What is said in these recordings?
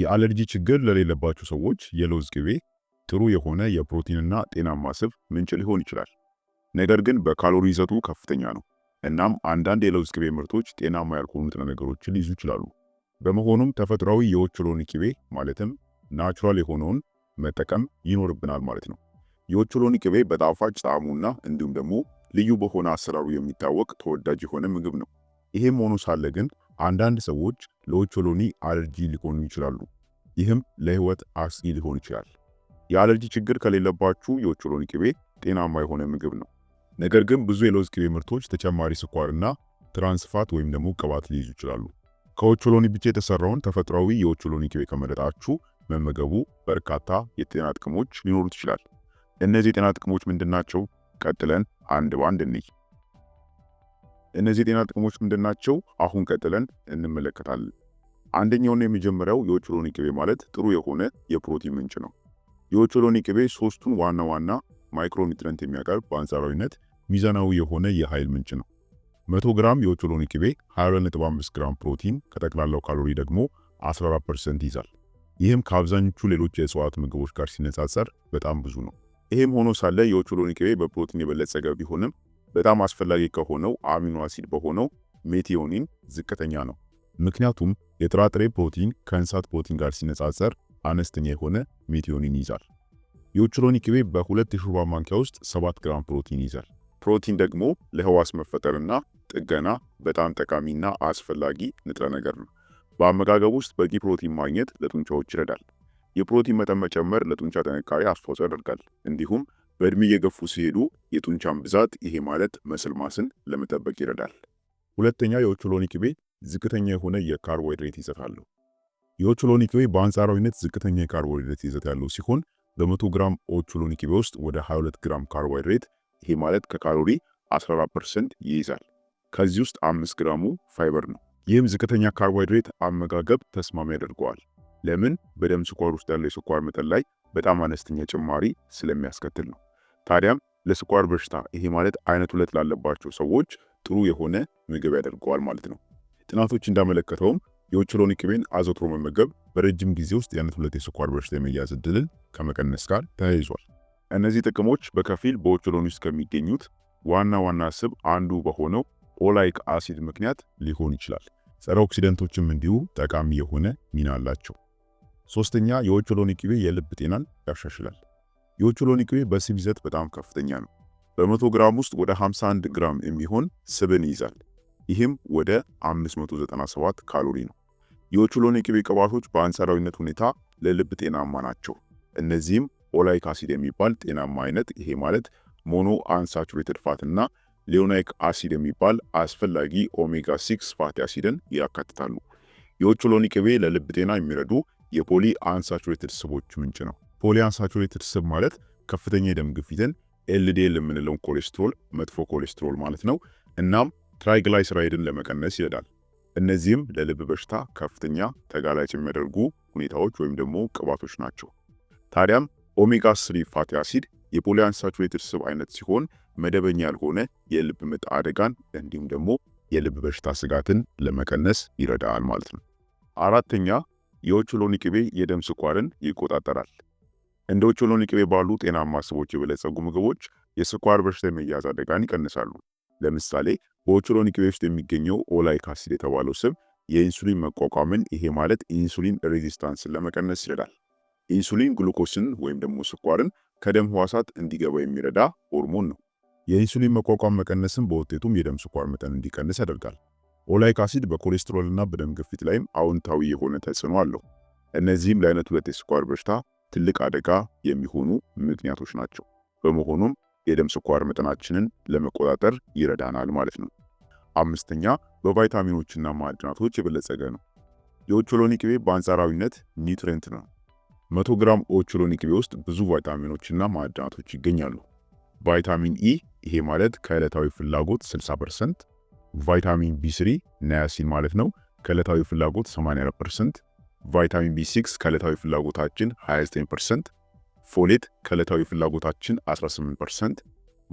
የአለርጂ ችግር ለሌለባቸው ሰዎች የለውዝ ቅቤ ጥሩ የሆነ የፕሮቲንና ጤናማ ስብ ምንጭ ሊሆን ይችላል። ነገር ግን በካሎሪ ይዘቱ ከፍተኛ ነው። እናም አንዳንድ የለውዝ ቅቤ ምርቶች ጤናማ ያልሆኑ ንጥረ ነገሮችን ሊይዙ ይችላሉ። በመሆኑም ተፈጥሯዊ የኦቾሎኒ ቅቤ ማለትም ናቹራል የሆነውን መጠቀም ይኖርብናል ማለት ነው። የኦቾሎኒ ቅቤ በጣፋጭ ጣዕሙና እንዲሁም ደግሞ ልዩ በሆነ አሰራሩ የሚታወቅ ተወዳጅ የሆነ ምግብ ነው። ይህም ሆኖ ሳለ ግን አንዳንድ ሰዎች ለኦቾሎኒ አለርጂ ሊሆኑ ይችላሉ። ይህም ለህይወት አስጊ ሊሆን ይችላል። የአለርጂ ችግር ከሌለባችሁ የኦቾሎኒ ቅቤ ጤናማ የሆነ ምግብ ነው። ነገር ግን ብዙ የለውዝ ቅቤ ምርቶች ተጨማሪ ስኳርና ትራንስፋት ወይም ደግሞ ቅባት ሊይዙ ይችላሉ። ከኦቾሎኒ ብቻ የተሰራውን ተፈጥሯዊ የኦቾሎኒ ቅቤ ከመረጣችሁ መመገቡ በርካታ የጤና ጥቅሞች ሊኖሩት ይችላል። እነዚህ የጤና ጥቅሞች ምንድናቸው? ቀጥለን አንድ ባንድ እንይ። እነዚህ የጤና ጥቅሞች ምንድን ናቸው? አሁን ቀጥለን እንመለከታለን። አንደኛውና የመጀመሪያው የኦቾሎኒ ቅቤ ማለት ጥሩ የሆነ የፕሮቲን ምንጭ ነው። የኦቾሎኒ ቅቤ ሶስቱን ዋና ዋና ማይክሮኒትረንት የሚያቀርብ በአንጻራዊነት ሚዛናዊ የሆነ የኃይል ምንጭ ነው። 100 ግራም የኦቾሎኒ ቅቤ 22.5 ግራም ፕሮቲን ከጠቅላላው ካሎሪ ደግሞ 14% ይዛል። ይህም ከአብዛኞቹ ሌሎች የእጽዋት ምግቦች ጋር ሲነጻጸር በጣም ብዙ ነው። ይህም ሆኖ ሳለ የኦቾሎኒ ቅቤ በፕሮቲን የበለጸገ ቢሆንም በጣም አስፈላጊ ከሆነው አሚኖ አሲድ በሆነው ሜቲዮኒን ዝቅተኛ ነው። ምክንያቱም የጥራጥሬ ፕሮቲን ከእንስሳት ፕሮቲን ጋር ሲነጻጸር አነስተኛ የሆነ ሜቲዮኒን ይይዛል። የኦቾሎኒ ቅቤ በሁለት የሾርባ ማንኪያ ውስጥ 7 ግራም ፕሮቲን ይይዛል። ፕሮቲን ደግሞ ለህዋስ መፈጠርና ጥገና በጣም ጠቃሚና አስፈላጊ ንጥረ ነገር ነው። በአመጋገብ ውስጥ በቂ ፕሮቲን ማግኘት ለጡንቻዎች ይረዳል። የፕሮቲን መጠን መጨመር ለጡንቻ ጥንካሬ አስተዋጽኦ ያደርጋል እንዲሁም በእድሜ እየገፉ ሲሄዱ የጡንቻን ብዛት ይሄ ማለት መስልማስን ለመጠበቅ ይረዳል። ሁለተኛ የኦቾሎኒ ቅቤ ዝቅተኛ የሆነ የካርቦሃይድሬት ይዘት አለው። የኦቾሎኒ ቅቤ በአንጻራዊነት ዝቅተኛ የካርቦሃይድሬት ይዘት ያለው ሲሆን በ100 ግራም ኦቾሎኒ ቅቤ ውስጥ ወደ 22 ግራም ካርቦሃይድሬት ይሄ ማለት ከካሎሪ 14% ይይዛል። ከዚህ ውስጥ 5 ግራሙ ፋይበር ነው። ይህም ዝቅተኛ ካርቦሃይድሬት አመጋገብ ተስማሚ ያደርገዋል። ለምን? በደም ስኳር ውስጥ ያለው የስኳር መጠን ላይ በጣም አነስተኛ ጭማሪ ስለሚያስከትል ነው። ታዲያም ለስኳር በሽታ ይሄ ማለት አይነት ሁለት ላለባቸው ሰዎች ጥሩ የሆነ ምግብ ያደርገዋል ማለት ነው። ጥናቶች እንዳመለከተውም የኦቾሎኒ ቅቤን አዘውትሮ መመገብ በረጅም ጊዜ ውስጥ የአይነት ሁለት የስኳር በሽታ የመያዝ እድልን ከመቀነስ ጋር ተያይዟል። እነዚህ ጥቅሞች በከፊል በኦቾሎኒ ውስጥ ከሚገኙት ዋና ዋና ስብ አንዱ በሆነው ኦላይክ አሲድ ምክንያት ሊሆን ይችላል። ጸረ ኦክሲደንቶችም እንዲሁ ጠቃሚ የሆነ ሚና አላቸው። ሶስተኛ የኦቾሎኒ ቅቤ የልብ ጤናን ያሻሽላል። የኦቾሎኒ ቅቤ በስብ ይዘት በጣም ከፍተኛ ነው። በ100 ግራም ውስጥ ወደ 51 ግራም የሚሆን ስብን ይይዛል። ይህም ወደ 597 ካሎሪ ነው። የኦቾሎኒ ቅቤ ቅባቶች በአንጻራዊነት ሁኔታ ለልብ ጤናማ ናቸው። እነዚህም ኦላይክ አሲድ የሚባል ጤናማ አይነት ይሄ ማለት ሞኖ አንሳቹሬትድ ፋት እና ሊዮናይክ አሲድ የሚባል አስፈላጊ ኦሜጋ 6 ፋቲ አሲድን ያካትታሉ። የኦቾሎኒ ቅቤ ለልብ ጤና የሚረዱ የፖሊ አንሳቹሬትድ ስቦች ምንጭ ነው። ፖሊያንሳቹሬትድ ስብ ማለት ከፍተኛ የደም ግፊትን ኤልዲኤል የምንለውን ኮሌስትሮል፣ መጥፎ ኮሌስትሮል ማለት ነው። እናም ትራይግላይስራይድን ለመቀነስ ይረዳል። እነዚህም ለልብ በሽታ ከፍተኛ ተጋላጭ የሚያደርጉ ሁኔታዎች ወይም ደግሞ ቅባቶች ናቸው። ታዲያም ኦሜጋ ስሪ ፋቲ አሲድ የፖሊያንሳቹሬትድ ስብ አይነት ሲሆን መደበኛ ያልሆነ የልብ ምት አደጋን እንዲሁም ደግሞ የልብ በሽታ ስጋትን ለመቀነስ ይረዳል ማለት ነው። አራተኛ የኦቾሎኒ ቅቤ የደም ስኳርን ይቆጣጠራል። እንደ ኦቾሎኒ ቅቤ ባሉ ጤናማ ስቦች የበለጸጉ ምግቦች የስኳር በሽታ የመያዝ አደጋን ይቀንሳሉ። ለምሳሌ በኦቾሎኒ ቅቤ ውስጥ የሚገኘው ኦላይክ አሲድ የተባለው ስብ የኢንሱሊን መቋቋምን ይሄ ማለት ኢንሱሊን ሬዚስታንስን ለመቀነስ ይረዳል። ኢንሱሊን ግሉኮስን ወይም ደግሞ ስኳርን ከደም ህዋሳት እንዲገባ የሚረዳ ሆርሞን ነው። የኢንሱሊን መቋቋም መቀነስን በውጤቱም የደም ስኳር መጠን እንዲቀንስ ያደርጋል። ኦላይክ አሲድ በኮሌስትሮልና በደም ግፊት ላይም አዎንታዊ የሆነ ተጽዕኖ አለው። እነዚህም ለአይነት ሁለት የስኳር በሽታ ትልቅ አደጋ የሚሆኑ ምክንያቶች ናቸው። በመሆኑም የደም ስኳር መጠናችንን ለመቆጣጠር ይረዳናል ማለት ነው። አምስተኛ በቫይታሚኖችና ማዕድናቶች የበለጸገ ነው። የኦቾሎኒ ቅቤ በአንጻራዊነት ኒውትሬንት ነው። መቶ ግራም ኦቾሎኒ ቅቤ ውስጥ ብዙ ቫይታሚኖችና ማዕድናቶች ይገኛሉ። ቫይታሚን ኢ e ይሄ ማለት ከዕለታዊ ፍላጎት 60%፣ ቫይታሚን ቢ3 ናያሲን ማለት ነው ከዕለታዊ ፍላጎት 84%፣ ቫይታሚን ቢ6 ከዕለታዊ ፍላጎታችን 29%፣ ፎሌት ከዕለታዊ ፍላጎታችን 18%፣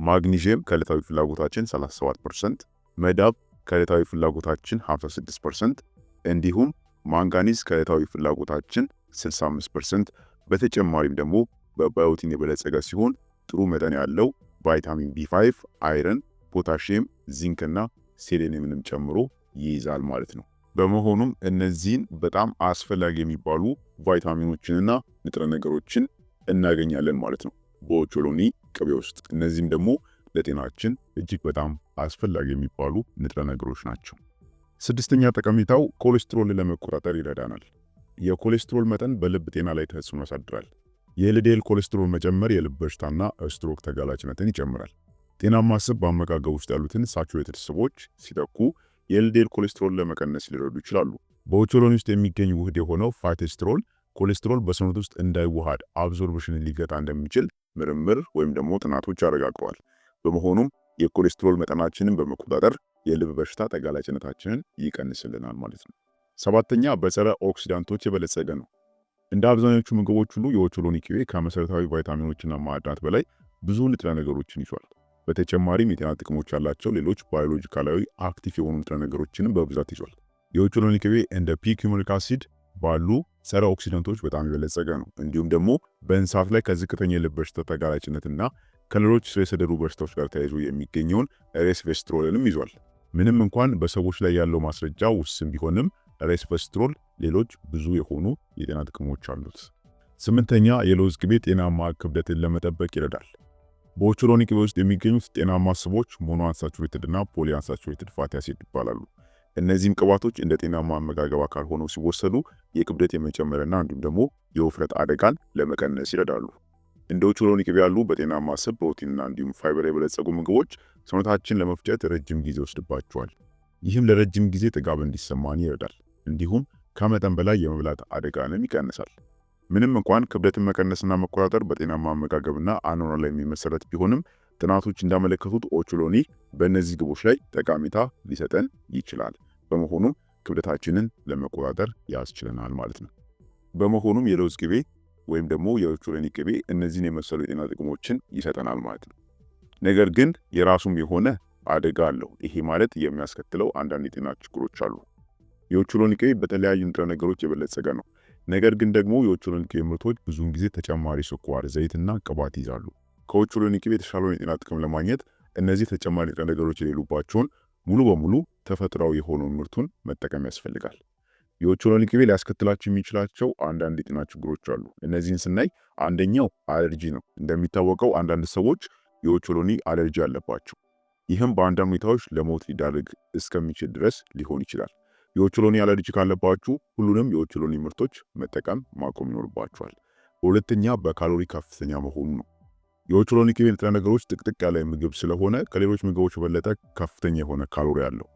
ማግኒዥየም ከዕለታዊ ፍላጎታችን 37%፣ መዳብ ከዕለታዊ ፍላጎታችን 56%፣ እንዲሁም ማንጋኒዝ ከዕለታዊ ፍላጎታችን 65%። በተጨማሪም ደግሞ በባዮቲን የበለጸገ ሲሆን ጥሩ መጠን ያለው ቫይታሚን ቢ5፣ አይረን፣ ፖታሽየም፣ ዚንክና ሴሌኒየምንም ጨምሮ ይይዛል ማለት ነው። በመሆኑም እነዚህን በጣም አስፈላጊ የሚባሉ ቫይታሚኖችንና ንጥረ ነገሮችን እናገኛለን ማለት ነው በኦቾሎኒ ቅቤ ውስጥ። እነዚህም ደግሞ ለጤናችን እጅግ በጣም አስፈላጊ የሚባሉ ንጥረ ነገሮች ናቸው። ስድስተኛ ጠቀሜታው ኮሌስትሮል ለመቆጣጠር ይረዳናል። የኮሌስትሮል መጠን በልብ ጤና ላይ ተጽዕኖ ያሳድራል። የኤልዲኤል ኮሌስትሮል መጨመር የልብ በሽታና ስትሮክ ተጋላጭነትን ይጨምራል። ጤናማ ስብ በአመጋገብ ውስጥ ያሉትን ሳቹሬትድ ስቦች ሲተኩ የኤልዲኤል ኮሌስትሮል ለመቀነስ ሊረዱ ይችላሉ። በኦቾሎኒ ውስጥ የሚገኝ ውህድ የሆነው ፋይቶስትሮል ኮሌስትሮል በሰውነት ውስጥ እንዳይዋሃድ አብዞርብሽንን ሊገጣ እንደሚችል ምርምር ወይም ደግሞ ጥናቶች አረጋግጠዋል። በመሆኑም የኮሌስትሮል መጠናችንን በመቆጣጠር የልብ በሽታ ተጋላጭነታችንን ይቀንስልናል ማለት ነው። ሰባተኛ በጸረ ኦክሲዳንቶች የበለጸገ ነው። እንደ አብዛኞቹ ምግቦች ሁሉ የኦቾሎኒ ቅቤ ከመሰረታዊ ቫይታሚኖችና ማዕድናት በላይ ብዙ ንጥረ ነገሮችን ይዟል። በተጨማሪም የጤና ጥቅሞች ያላቸው ሌሎች ባዮሎጂካላዊ አክቲቭ የሆኑ ንጥረ ነገሮችንም በብዛት ይዟል። የኦቾሎኒ ቅቤ እንደ ፒ አሲድ ባሉ ጸረ ኦክሲደንቶች በጣም የበለጸገ ነው። እንዲሁም ደግሞ በእንስሳት ላይ ከዝቅተኛ የልብ በሽታ ተጋላጭነትና ከሌሎች ስር የሰደዱ በሽታዎች ጋር ተያይዞ የሚገኘውን ሬስቬስትሮልንም ይዟል። ምንም እንኳን በሰዎች ላይ ያለው ማስረጃ ውስን ቢሆንም ሬስቬስትሮል ሌሎች ብዙ የሆኑ የጤና ጥቅሞች አሉት። ስምንተኛ የለውዝ ቅቤ ጤናማ ክብደትን ለመጠበቅ ይረዳል። በኦቾሎኒ ቅቤ ውስጥ የሚገኙት ጤናማ ስቦች ሞኖ አንሳቹሬትድ እና ፖሊ አንሳቹሬትድ ፋቲ አሲድ ይባላሉ። እነዚህም ቅባቶች እንደ ጤናማ አመጋገብ አካል ሆነው ሲወሰዱ የክብደት የመጨመርና እንዲሁም ደግሞ የውፍረት አደጋን ለመቀነስ ይረዳሉ። እንደ ኦቾሎኒ ቅቤ ያሉ በጤናማ ስብ፣ ፕሮቲንና እንዲሁም ፋይበር የበለጸጉ ምግቦች ሰውነታችን ለመፍጨት ረጅም ጊዜ ወስድባቸዋል ይህም ለረጅም ጊዜ ጥጋብ እንዲሰማን ይረዳል። እንዲሁም ከመጠን በላይ የመብላት አደጋንም ይቀንሳል። ምንም እንኳን ክብደትን መቀነስና መቆጣጠር በጤናማ አመጋገብና አኗኗር ላይ የሚመሰረት ቢሆንም ጥናቶች እንዳመለከቱት ኦቾሎኒ በእነዚህ ግቦች ላይ ጠቃሚታ ሊሰጠን ይችላል። በመሆኑም ክብደታችንን ለመቆጣጠር ያስችለናል ማለት ነው። በመሆኑም የለውዝ ቅቤ ወይም ደግሞ የኦቾሎኒ ቅቤ እነዚህን የመሰሉ የጤና ጥቅሞችን ይሰጠናል ማለት ነው። ነገር ግን የራሱም የሆነ አደጋ አለው። ይሄ ማለት የሚያስከትለው አንዳንድ የጤና ችግሮች አሉ። የኦቾሎኒ ቅቤ በተለያዩ ንጥረ ነገሮች የበለጸገ ነው። ነገር ግን ደግሞ የኦቾሎኒ ቅቤ ምርቶች ብዙውን ጊዜ ተጨማሪ ስኳር፣ ዘይትና ቅባት ይዛሉ። ከኦቾሎኒ ቅቤ የተሻለውን የጤና ጥቅም ለማግኘት እነዚህ ተጨማሪ ንጥረ ነገሮች የሌሉባቸውን ሙሉ በሙሉ ተፈጥሯዊ የሆነውን ምርቱን መጠቀም ያስፈልጋል። የኦቾሎኒ ቅቤ ሊያስከትላቸው የሚችላቸው አንዳንድ የጤና ችግሮች አሉ። እነዚህን ስናይ አንደኛው አለርጂ ነው። እንደሚታወቀው አንዳንድ ሰዎች የኦቾሎኒ አለርጂ አለባቸው። ይህም በአንዳንድ ሁኔታዎች ለሞት ሊዳርግ እስከሚችል ድረስ ሊሆን ይችላል። የኦቾሎኒ አለርጂ ካለባችሁ ሁሉንም የኦቾሎኒ ምርቶች መጠቀም ማቆም ይኖርባችኋል። ሁለተኛ በካሎሪ ከፍተኛ መሆኑ ነው። የኦቾሎኒ ቅቤ ንጥረ ነገሮች ጥቅጥቅ ያለ ምግብ ስለሆነ ከሌሎች ምግቦች የበለጠ ከፍተኛ የሆነ ካሎሪ አለው።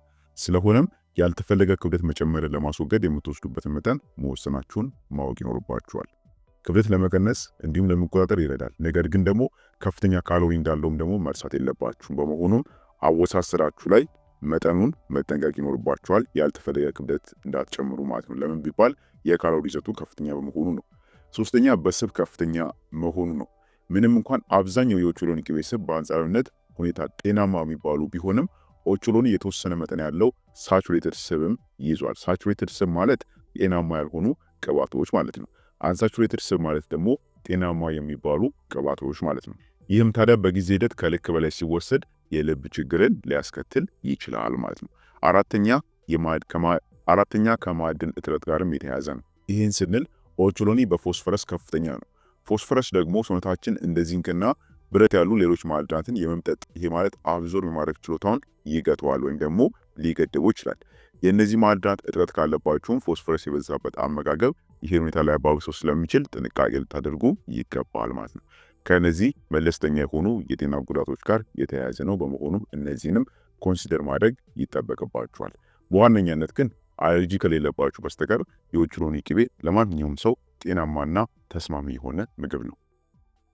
ስለሆነም ያልተፈለገ ክብደት መጨመር ለማስወገድ የምትወስዱበትን መጠን መወሰናችሁን ማወቅ ይኖርባችኋል። ክብደት ለመቀነስ እንዲሁም ለመቆጣጠር ይረዳል። ነገር ግን ደግሞ ከፍተኛ ካሎሪ እንዳለውም ደግሞ መርሳት የለባችሁም። በመሆኑም አወሳሰዳችሁ ላይ መጠኑን መጠንቀቅ ይኖርባቸዋል። ያልተፈለገ ክብደት እንዳትጨምሩ ማለት ነው። ለምን ቢባል የካሎሪ ይዘቱ ከፍተኛ በመሆኑ ነው። ሶስተኛ በስብ ከፍተኛ መሆኑ ነው። ምንም እንኳን አብዛኛው የኦቾሎኒ ቅቤ ስብ በአንጻራዊነት ሁኔታ ጤናማ የሚባሉ ቢሆንም ኦቾሎኒ የተወሰነ መጠን ያለው ሳቹሬትድ ስብም ይዟል። ሳቹሬትድ ስብ ማለት ጤናማ ያልሆኑ ቅባቶች ማለት ነው። አንሳቹሬትድ ስብ ማለት ደግሞ ጤናማ የሚባሉ ቅባቶች ማለት ነው። ይህም ታዲያ በጊዜ ሂደት ከልክ በላይ ሲወሰድ የልብ ችግርን ሊያስከትል ይችላል ማለት ነው። አራተኛ ከማዕድን እጥረት ጋርም የተያያዘ ነው። ይህን ስንል ኦቾሎኒ በፎስፈረስ ከፍተኛ ነው። ፎስፈረስ ደግሞ ሰውነታችን እንደ ዚንክና ብረት ያሉ ሌሎች ማዕድናትን የመምጠጥ ይሄ ማለት አብዞር የማድረግ ችሎታውን ይገተዋል ወይም ደግሞ ሊገድቡ ይችላል። የእነዚህ ማዕድናት እጥረት ካለባችሁም ፎስፈረስ የበዛበት አመጋገብ ይህን ሁኔታ ላይ አባብሰው ስለሚችል ጥንቃቄ ልታደርጉ ይገባል ማለት ነው። ከነዚህ መለስተኛ የሆኑ የጤና ጉዳቶች ጋር የተያያዘ ነው። በመሆኑም እነዚህንም ኮንሲደር ማድረግ ይጠበቅባችኋል። በዋነኛነት ግን አለርጂ ከሌለባችሁ በስተቀር የኦቾሎኒ ቅቤ ለማንኛውም ሰው ጤናማና ተስማሚ የሆነ ምግብ ነው።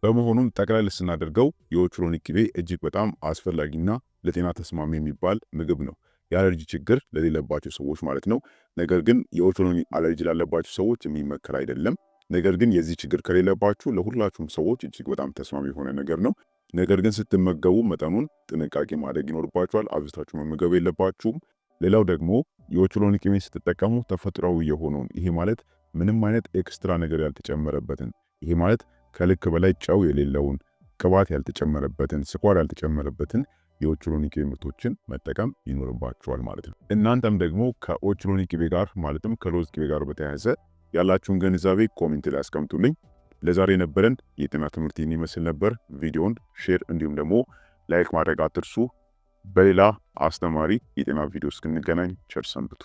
በመሆኑም ጠቅላላ ስናደርገው የኦቾሎኒ ቅቤ እጅግ በጣም አስፈላጊና ለጤና ተስማሚ የሚባል ምግብ ነው፣ የአለርጂ ችግር ለሌለባቸው ሰዎች ማለት ነው። ነገር ግን የኦቾሎኒ አለርጂ ላለባቸው ሰዎች የሚመከር አይደለም። ነገር ግን የዚህ ችግር ከሌለባችሁ ለሁላችሁም ሰዎች እጅግ በጣም ተስማሚ የሆነ ነገር ነው። ነገር ግን ስትመገቡ መጠኑን ጥንቃቄ ማድረግ ይኖርባችኋል። አብዝታችሁ መመገብ የለባችሁም። ሌላው ደግሞ የኦቾሎኒ ቅቤን ስትጠቀሙ ተፈጥሯዊ የሆነውን ይሄ ማለት ምንም አይነት ኤክስትራ ነገር ያልተጨመረበትን ይሄ ማለት ከልክ በላይ ጨው የሌለውን ቅባት ያልተጨመረበትን ስኳር ያልተጨመረበትን የኦቾሎኒ ቅቤ ምርቶችን መጠቀም ይኖርባቸዋል ማለት ነው። እናንተም ደግሞ ከኦቾሎኒ ቅቤ ጋር ማለትም ከሎዝ ቅቤ ጋር በተያያዘ ያላችሁን ግንዛቤ ኮሜንት ላይ አስቀምጡልኝ። ለዛሬ የነበረን የጤና ትምህርት ይህን ይመስል ነበር። ቪዲዮን ሼር እንዲሁም ደግሞ ላይክ ማድረግ አትርሱ። በሌላ አስተማሪ የጤና ቪዲዮ እስክንገናኝ ቸር ሰንብቱ።